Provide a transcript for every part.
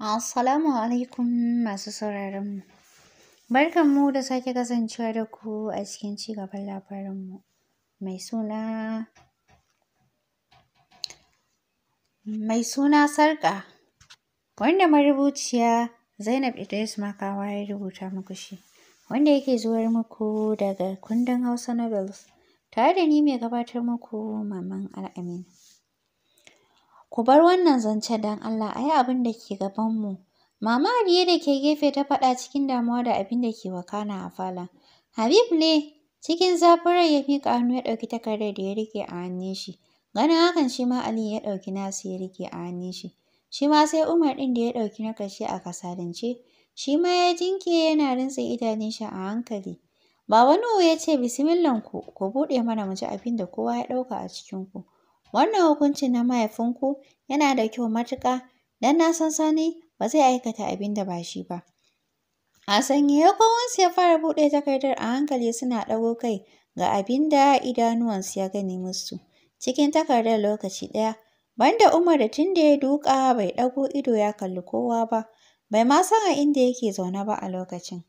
Assalamu alaikum masu sauraronmu. Barkanmu da sake kasancewa da ku a cikin cigaban labarinmu mai suna mai suna sarƙa wanda marubuciya Zainab Idris Makawa ya rubuta muku shi wanda yake zuwar muku daga kundin Hausa Novels tare da ni mai gabatar muku Maman Al'amin. Ku bar wannan zancen don Allah a yi abin da ke gabanmu. Mama Aliyu da ke gefe ta faɗa cikin damuwa da abin da ke wakana a falon. Habib ne cikin zafin rai ya miƙa hannu ya ɗauki takardar da ya riƙe a hannun shi. Ganin hakan shi ma Ali ya ɗauki nasu ya riƙe a hannun shi. Shi ma sai Umar ɗin da ya ɗauki na ƙarshe a kasalance. Shi ma ya jinke yana rintse idanun shi a hankali. Baba Nuhu ya ce bismillan ku, ku buɗe mana mu ji abin da kowa ya ɗauka a cikin ku. Wannan hukuncin na mahaifinku yana da kyau matuka, don na san Sani ba zai aikata abin da ba shi ba. A sanye kowansu ya fara buɗe takardar a hankali suna ɗago kai ga abin da idanuwansu ya gani musu. Cikin takardar lokaci ɗaya, banda Umar da tun da ya duƙa bai ɗago ido ya kalli kowa ba, bai ma san a inda yake zaune ba a lokacin.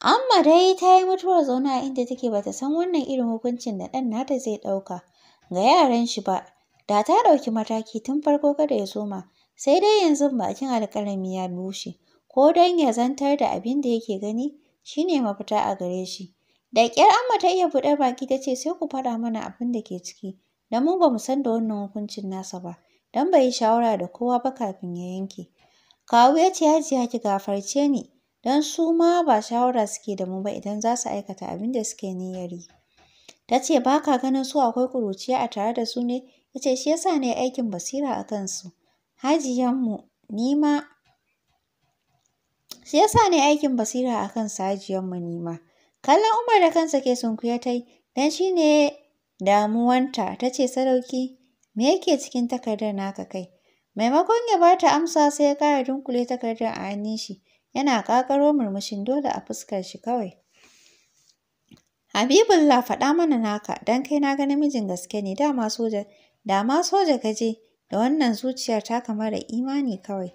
Amma dai ta yi mutuwar zaune a inda take bata san wannan irin hukuncin da ɗan nata zai ɗauka ga yaran shi ba da ta ɗauki mataki tun farko kada ya soma sai dai yanzu bakin alƙalami ya bushe ko don ya zantar da abin da yake gani shine mafita a gare shi da ƙyar amma ta iya buɗe baki ta ce sai ku faɗa mana abin da ke ciki Da mu ba mu san da wannan hukuncin nasa ba don bai yi shawara da kowa ba kafin ya yanke kawu ya ce hajiya ki gafarce ni don su ma ba shawara suke da mu ba idan za su aikata abin da suke niyyar yi Ta ce ba ka ganin su akwai kuruciya a tare da su ne? Ya ce shi yasa ne aikin basira a kansu. Hajiyanmu ni ma shi yasa ne aikin basira a kansu hajiyanmu ni ma. Kallon Umar da kansa ke sunkuya kuyatai, don shi ne damuwanta ta ce sarauki me yake cikin takardar naka kai? Maimakon ya ba ta amsa sai ya kara dunkule takardar a hannun shi yana ƙaƙaro murmushin dole a fuskar shi kawai. Habibullah faɗa mana naka don kai na ga namijin gaske ne dama soja dama soja kaje da wannan zuciyar kamar da imani kawai.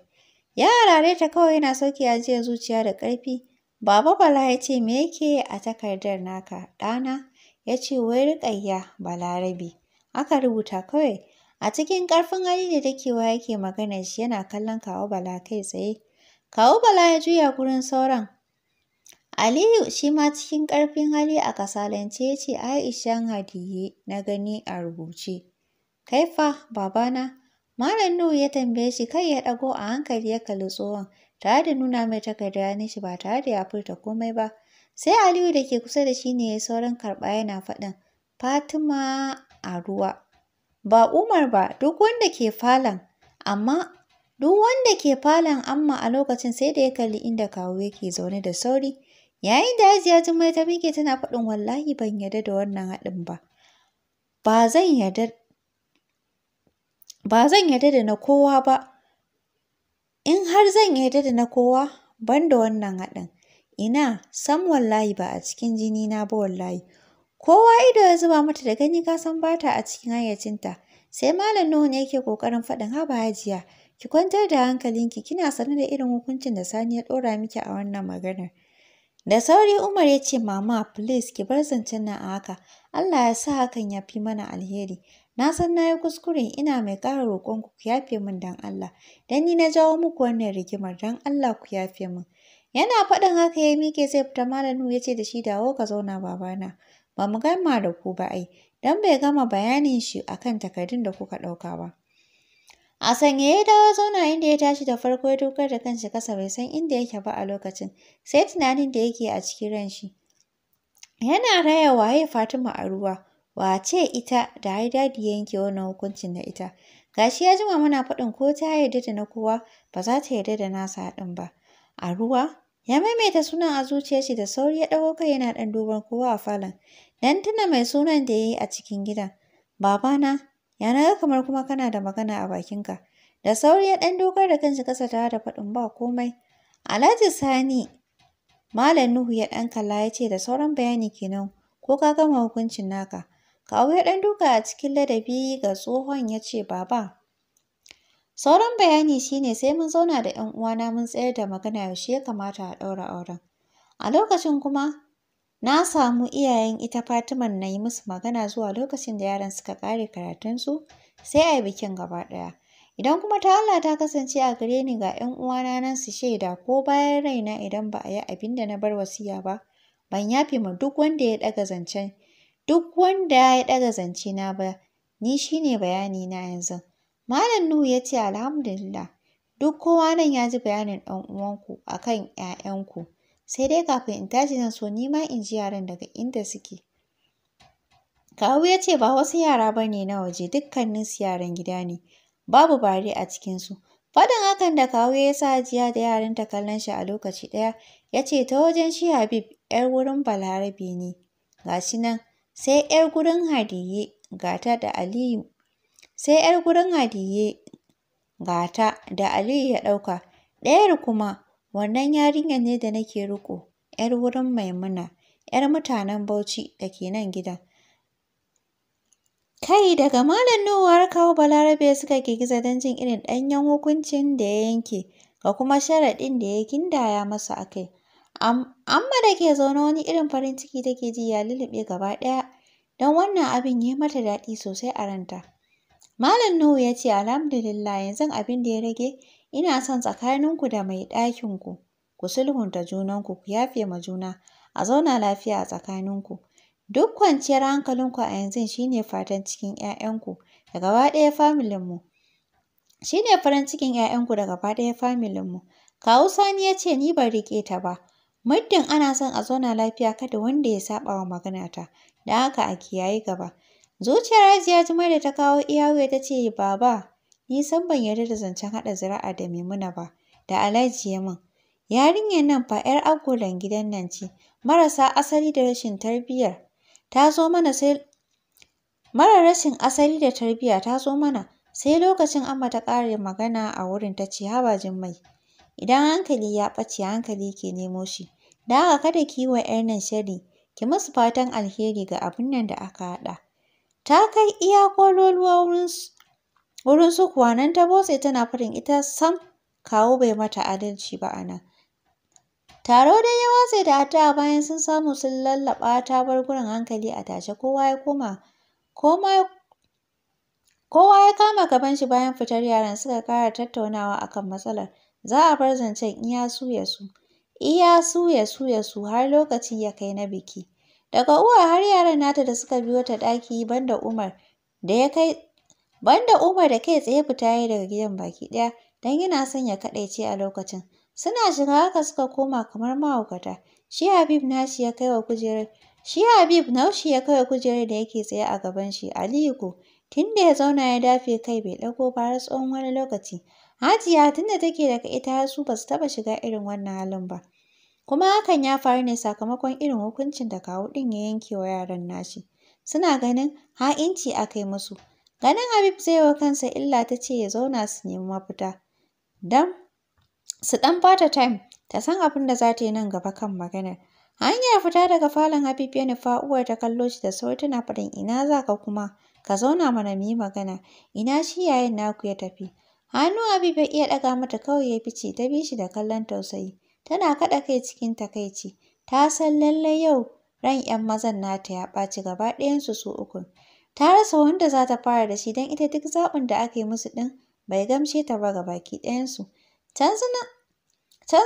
Ya harare ta kawai yana sauke ajiyar zuciya da ƙarfi. Baba Bala ya ce me yake a takardar naka ɗana ya ce wai riƙayya balarabi Aka rubuta kawai a cikin ƙarfin hali da dakewa yake maganar shi yana kallon kawo Bala kai tsaye. Kawo Bala ya juya gurin sauran Aliyu shi ma cikin ƙarfin hali a kasalance ya ce Aishan Hadiye na gani a rubuce. Kai fa babana, Malam Nuhu ya tambaye shi kai ya ɗago a hankali ya kalli tsohon tare da nuna mai takarda ya shi ba tare da ya furta komai ba. Sai Aliyu da ke kusa da shi ne ya sauran karɓa yana faɗin Fatima a ruwa. Ba Umar ba duk wanda ke falon, amma duk wanda ke falon amma a lokacin sai da ya kalli inda kawu yake zaune da sauri Yayin da Hajiya Jummai ta miƙe tana faɗin wallahi ban yarda da wannan haɗin ba. Ba zan yarda ba zan yarda da na kowa ba. In har zan yarda da na kowa ban da wannan haɗin. Ina san wallahi ba a cikin jini na ba wallahi. Kowa ido ya zuba mata da gani ka san bata a cikin hayyacinta. Sai Malam Nuhu ne yake ƙoƙarin faɗin haba Hajiya. Ki kwantar da hankalinki kina sane da irin hukuncin da Sani ya ɗora miki a wannan maganar. Da sauri Umar ya ce, Mama, please ki bar zancen nan a haka, Allah ya sa hakan ya fi mana alheri. Na san na yi kuskure ina mai ƙara roƙonku ku ku yafe min dan Allah, don ni na jawo muku wannan rigimar dan Allah ku yafe min. Yana faɗin haka ya mike zai fita Malam ya ce da shi dawo ka zauna babana, ba mu gama da ku ba ai, Dan bai gama bayanin shi akan takardun da kuka ɗauka ba. A sanye ya dawo zauna inda ya tashi da farko ya dokar da kanshi kasa bai san inda yake ba a lokacin, sai tunanin da yake a cikin ranshi. Yana raya waye Fatima a ruwa, wace ita da haidadi dadi ya yanke wannan hukuncin na ita. Gashi ya jima mana faɗin ko ta yarda da na kowa ba za ta yarda da nasa haɗin ba. A ruwa, ya maimaita sunan a shi da sauri ya ɗago kai yana ɗan duban kowa a falon. Dan tuna mai sunan da ya yi a cikin gidan. Babana, Ya na ga kamar kuma kana da magana a bakinka. Da sauri ya ɗan dokar da kanshi kasa tare da faɗin ba komai. Alhaji Sani Malam Nuhu ya ɗan kalla ya ce da sauran bayani kenan ko ka gama hukuncin naka. kawo ya ɗan duka a cikin ladabi ga tsohon ya ce baba. Sauran bayani shine sai mun zauna da ‘yan uwana mun tsayar da magana yaushe ya kamata a ɗaura auren. A lokacin kuma Na samu iyayen ita Fatiman na yi musu magana zuwa lokacin da yaran suka ƙare karatunsu sai a yi bikin gaba ɗaya. Idan kuma ta Allah ta kasance a gare ni ga 'yan uwana nan su shaida ko bayan raina idan ba a yi abin da na bar wasiya ba, ban yafi ma duk wanda ya ɗaga wanda ya ɗaga zance na ba, ni shi ne bayani na yanzu. Malam Nuhu ya ce alhamdulillah, duk kowa nan ya ji bayanin ɗan uwanku a kan 'ya'yanku. sai dai kafin in tashi zan so ni ma in ji yaran daga inda suke. Kawu ya ce ba wasu yara ba ne na waje dukkaninsu yaran gida ne, babu bare a cikinsu. Faɗin hakan da kawu ya sa jiya da yaran ta kallon shi a lokaci ɗaya ya ce ta wajen shi Habib ‘yar wurin Balarabe ne, ga shi nan sai ‘yar gurin Hadiye gata da Aliyu, sai ‘yar gurin Hadiye gata da Aliyu ya ɗauka, ɗayar kuma Wannan yarinyar ne da nake riƙo, 'yar wurin Maimuna, 'yar mutanen Bauchi da ke nan gidan. Kai daga Malam Nuhu har kawo Balarabe suka girgiza don jin irin ɗanyen hukuncin da ya yanke ga kuma sharaɗin da ya gindaya masa a kai. Amma da ke zaune wani irin farin ciki take ji ya lulluɓe gaba ɗaya don wannan abin ya yi mata daɗi sosai a ranta. Malam Nuhu ya ce alhamdulillah yanzu abin da ya rage Ina son tsakaninku da mai ɗakinku ku sulhunta junanku, ku yafe ma juna, a zauna lafiya a tsakaninku. Duk kwanciyar hankalinku a yanzu shine fatan cikin 'ya'yanku da gaba ɗaya familinmu. mu. farin cikin 'ya'yanku da gaba ɗaya familinmu. Kawu Sani ya ce ni ban riƙe ta ba. Muddin ana son a zauna lafiya kada wanda ya saɓa wa maganata, don haka a kiyayi gaba. Zuciyar Hajiya Jummai da ta kawo Iyawu ta ce, Baba, Ni san ban yarda da zancen haɗa zira'a da Maimuna ba, da Alhaji ya min. Yarinyar nan fa 'yar agolan gidan nan ce, marasa asali da rashin tarbiyyar. Ta zo mana sai Mara rashin asali da tarbiyya ta zo mana sai lokacin amma ta ƙare magana a wurin ta ce haba Jummai, idan hankali ya ɓace hankali ke nemo shi, da haka kada ki yi wa 'yar nan shari, ki musu fatan alheri ga abin nan da aka haɗa. Ta kai iya ƙololuwa wurin Wurin su kuwa nan ta botse tana farin ita sam kawo bai mata adalci ba ana Taro dai ya watse da addu'a bayan sun samu sun lallaɓa ta bar gurin hankali a tashe kowa ya koma kowa ya kama gaban shi bayan fitar yaran suka kara tattaunawa akan matsalar za a bar zancen iya su ya su iya su ya su ya su har lokaci ya kai na biki daga uwa har yaran nata da suka biyo ta ɗaki banda Umar da ya kai Banda Umar da kai tsaye fita ya daga gidan baki ɗaya don yana son ya kaɗaice a lokacin. Suna shiga haka suka koma kamar mahaukata. Shi Habib nashi ya kai wa kujerar Shi Habib naushi ya kai kujerar da yake tsaye a gaban shi Aliyu ko tunda ya zauna ya dafe kai bai ɗauko ba har tsawon wani lokaci. Hajiya tunda take daga ita har su basu su taɓa shiga irin wannan halin ba. Kuma hakan ya faru ne sakamakon irin hukuncin da kawu ɗin ya yanke wa yaran nashi. Suna ganin ha'inci aka yi musu. Ganin Habib zai wa kansa illa ta ce ya zauna su nemi mafita. Dan su ɗan bata time ta san abin da za ta yi nan gaba kan maganar. Hanyar fita daga falon Habib ya nufa uwar ta kallo shi da sauri tana faɗin ina za ka kuma ka zauna mana mu yi magana ina shi yayin naku ya tafi. Hannu Habib ya iya ɗaga mata kawai ya fice ta bi shi da kallon tausayi. Tana kaɗa kai cikin takaici. Ta san lallai yau ran 'yan mazan nata ya ɓaci gaba ɗayansu su ukun. Ta rasa wanda za ta fara da shi don ita duk zaɓin da aka yi musu ɗin bai gamshe ta ba ga baki ɗayansu. Can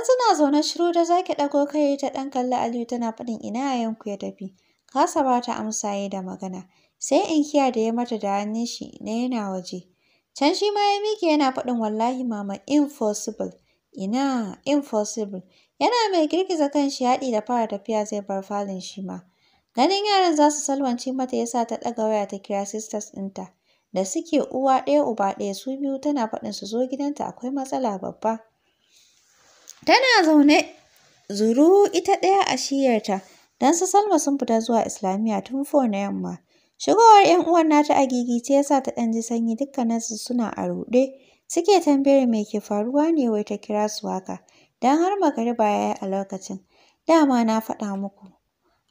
suna zaune shiru da zaki ɗago kai ta ɗan kalli Aliyu tana faɗin ina a yanku ya tafi. Kasa ba ta amsa yi da magana. Sai in inkiya da ya mata da hannun shi na yana waje. Can shi ma ya miƙe yana faɗin wallahi mama impossible. Ina impossible. Yana mai girgiza kan kanshi yaɗi da fara tafiya zai bar falin shi ma. Ganin yaran za su salwance mata ya sa ta ɗaga waya ta kira sisters ɗinta da suke uwa ɗaya uba ɗaya su biyu tana faɗin su zo gidanta akwai matsala babba. Tana zaune zuru ita ɗaya a shiyarta don su Salma sun fita zuwa Islamiyya tun fo na yamma. Shigowar ‘yan uwan nata a ce ya sa ta ɗan ji sanyi dukkaninsu suna a ruɗe. Suke tambayar me ke faruwa ne wai ta kira su haka, don har magariba ya yi a lokacin. Dama na faɗa muku,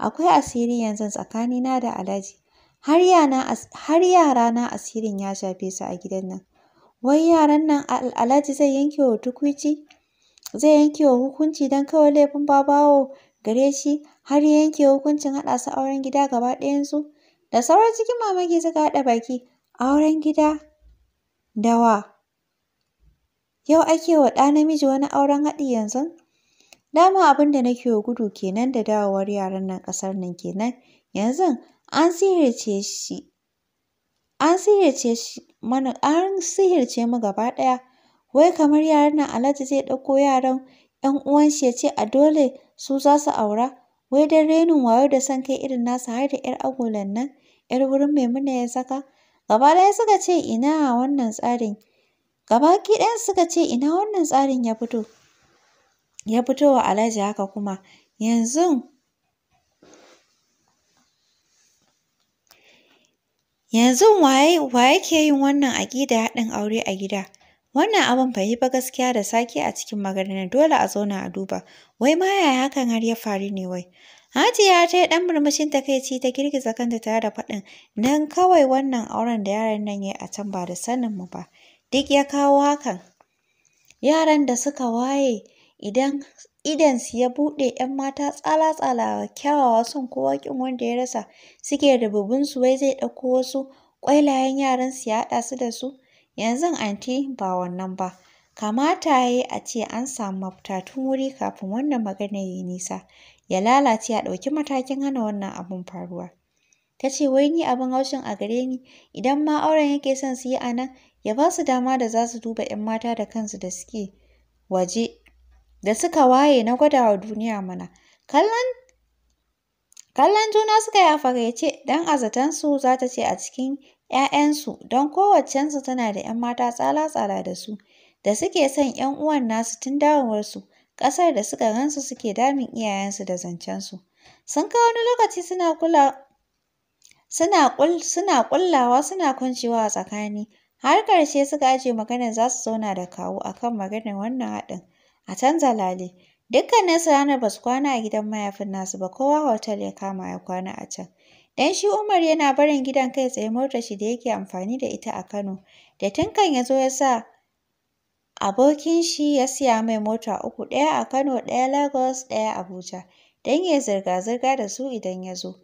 Akwai asiri yanzu tsakanina da Alhaji, har yara na asirin ya shafe su a gidan nan. Wai yaran nan Alhaji zai yanke wa hukunci don kawai laifin babawo gare shi har ya yanke hukuncin haɗa su auren gida gaba ɗayansu. Da sauran cikin mamaki suka haɗa baki, auren gida dawa Yau ake wa ɗa namiji wani auren haɗi yanzu? Dama abin da nake gudu kenan da dawowar yaran nan ƙasar nan kenan. Yanzu an sihirce shi. An sihirce shi mana an sihirce mu gaba ɗaya. Wai kamar yaran nan Alhaji zai ɗauko yaran 'yan uwan shi ya ce a dole su za su aura. Wai dan renin wayo da son kai irin nasa har da ƴar agolan nan ƴar wurin Maimuna ya saka. Gaba ɗaya suka ce ina wannan tsarin. ki suka ce ina wannan tsarin ya fito. ya fito wa alhaji haka kuma yanzu yanzu waye ke yin wannan aƙida haɗin aure a gida wannan abin bai yi ba gaskiya da sake a cikin maganar dole a zauna a duba wai ma yaya hakan har ya faru ne wai Hajiya ta yi ɗan murmushin takaici ta girgiza kanta tare da faɗin nan kawai wannan auren da yaran nan ya yi a can ba da mu ba duk ya kawo hakan yaran da suka waye Idan idonsu ya buɗe, 'yan mata tsala-tsala, kyawawa son kowa ƙin wanda ya rasa, suke da rububinsu wai zai ɗauko wasu ƙwailayen yaransu ya haɗa su da su. yanzu anti ba wannan ba. Kamata ya yi a ce an samu mafita wuri kafin wannan magana ya nisa, ya lalace a ɗauki matakin hana wannan abun faruwa. Ta ce wai ni abin haushin a gare ni, idan ma auren yake son su yi a nan, ya ba su dama da za su duba 'yan mata da kansu da suke waje da suka waye na gwada wa duniya mana. Kallon juna suka yi a faraice don a zatensu za ta ce a cikin ‘ya'yansu don kowaccensu tana da ‘yan mata tsala-tsala da su da suke son ‘yan uwan nasu tun dawowarsu ƙasar da suka ransu suke damin iyayensu da zancensu. Sun ka wani lokaci suna kula suna suna ƙullawa suna kwancewa a tsakani har ƙarshe suka ajiye maganar za su zauna da kawu akan maganar wannan haɗin. a can Zalale. su ranar ba su kwana a gidan mayafin nasu ba, kowa hotel ya kama ya kwana a can. Dan shi Umar yana barin gidan kai tsaye motar shi da yake amfani da ita a Kano, da tinkan ya zo ya sa abokin shi ya siya mai mota uku, ɗaya a Kano, ɗaya Lagos, ɗaya Abuja, Dan ya zirga-zirga da su idan ya zo.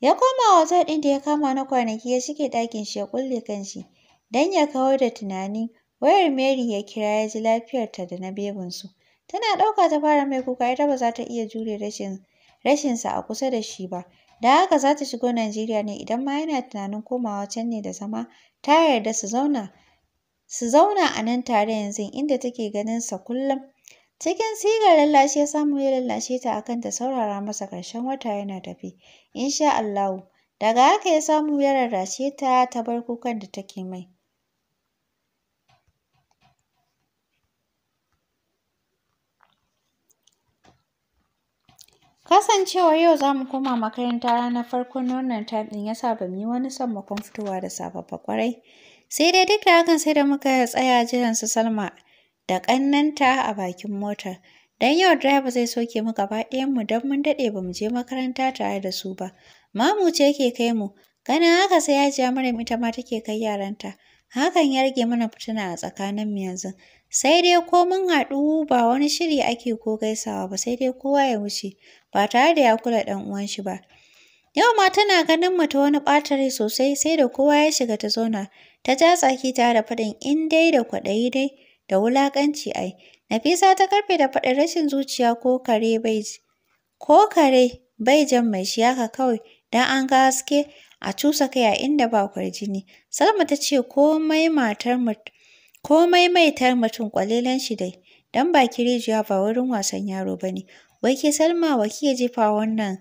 Ya koma hotel ɗin da ya kama na kwanaki ya shige ɗakin shi ya kulle shi. Dan ya kawar da tunani Wayar Mary ya kira ya ji lafiyarta da na su Tana ɗauka ta fara mai kuka ita ba za ta iya jure rashin rashinsa a kusa da shi ba. Da haka za ta shigo Najeriya ne idan ma yana tunanin komawa can ne da zama ta yarda su zauna su zauna a nan tare yanzu inda take ganin sa kullum. Cikin sigar lallashi ya samu ya lallashe ta akan ta saurara masa ƙarshen wata yana tafi. Insha Allahu. Daga haka ya samu ya rarrashe ta ta bar kukan da take mai. kasancewa yau za mu koma makaranta ranar farkon wannan time ɗin ya sa ba mu yi wani sammakon fitowa da safe ƙwarai. Sai dai duk da hakan sai da muka tsaya jiran su Salma da ƙannanta a bakin motar. Dan yau driver zai soke mu gaba mu don mun daɗe ba mu je makaranta tare da su ba. Mamu ce yake kai mu, ganin haka sai Hajiya Maryam ita ma take kai yaranta. Hakan ya rage mana fituna a tsakaninmu yanzu. Sai dai ko mun haɗu ba wani shiri ake ko gaisawa ba sai dai kowa ya wuce. ba tare da ya kula ɗan uwan shi ba. Yau ma tana ganin mu ta wani ɓatare sosai sai da kowa ya shiga ta zauna ta ja tsaki tare da faɗin in dai da kwaɗayi dai da wulaƙanci ai. Nafisa ta karfe da faɗin rashin zuciya ko kare bai ko kare bai jan mai shi haka kawai dan an ga haske a cusa kai a inda ba kwarjini. Salma ta ce komai matar komai maitar mutum ƙwalilan shi dai dan baki rijiya ba wurin wasan yaro ba ne. Wai ke Salma wa ke jefa wannan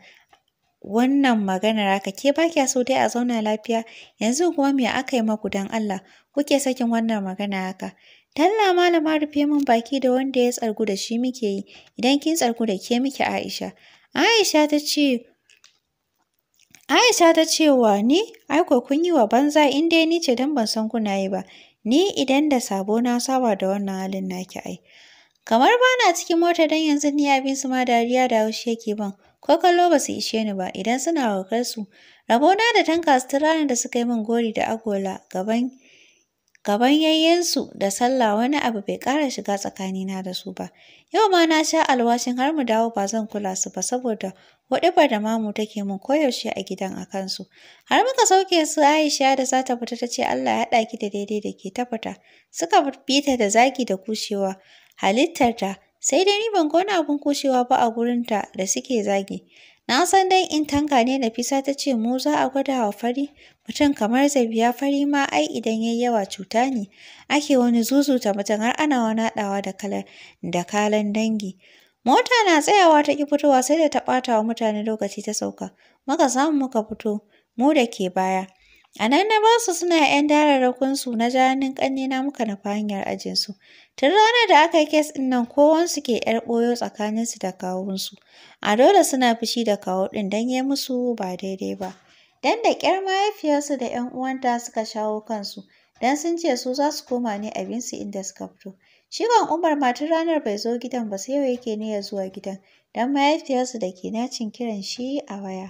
wannan maganar haka ke ba kya so dai a zauna lafiya yanzu kuma me aka yi maku dan Allah kuke sakin wannan magana haka. Talla malama rufe min baki da wanda ya tsargu da shi muke yi idan kin tsargu da ke muke Aisha. Aisha ta ce Aisha ta ce wa ni ai kun yi wa banza in dai ni ce dan ban san kuna yi ba. Ni idan da sabo na saba da wannan halin naki ai. Kamar ba na cikin mota don yanzu ni abin su ma dariya da haushi yake ban, ko kallo ba su ishe ni ba idan suna haukar su. Rabona da tanka su ranar da suka yi min gori da agola gaban gaban yayyensu da sallah wani abu bai kara shiga tsakanina da su ba. Yau ma na sha alwashin har mu dawo ba zan kula su ba saboda waɗibar da mamu take min koyaushe a gidan a kansu. Har muka sauke su Aisha da za ta fita ta ce Allah ya haɗa ki da daidai da ke ta fita. Suka bi ta da zagi da kushewa. halittarta, sai dai ni ban ga wani abin kushewa ba a gurinta da suke zagi. Na san dai in tanka ne Nafisa ta ce mu za a gwada wa fari, mutum kamar zabiya fari ma ai idan yayi yawa cuta ne. Ake wani zuzuta mutum har ana wani haɗawa da kalar da kalan dangi. Mota na tsayawa ta ƙi fitowa sai da ta ɓata wa mutane lokaci ta sauka. Muka samu muka fito, mu da ke baya. A nan na basu suna 'yan dararrakunsu na janin hannun ƙannena muka nufi hanyar ajinsu. Tun ranar da aka yi kes ɗin nan kowansu ke 'yar ɓoyo tsakaninsu da kawunsu. A dole suna fushi da kawo ɗin don ya musu ba daidai ba. Dan da ƙyar mahaifiyarsu da 'yan uwanta suka shawo kansu don sun ce su za su koma ne abinsu inda suka fito. Shigan Umar ma tun ranar bai zo gidan ba sai yau yake niyyar zuwa gidan don mahaifiyarsu da ke nacin kiran shi a waya.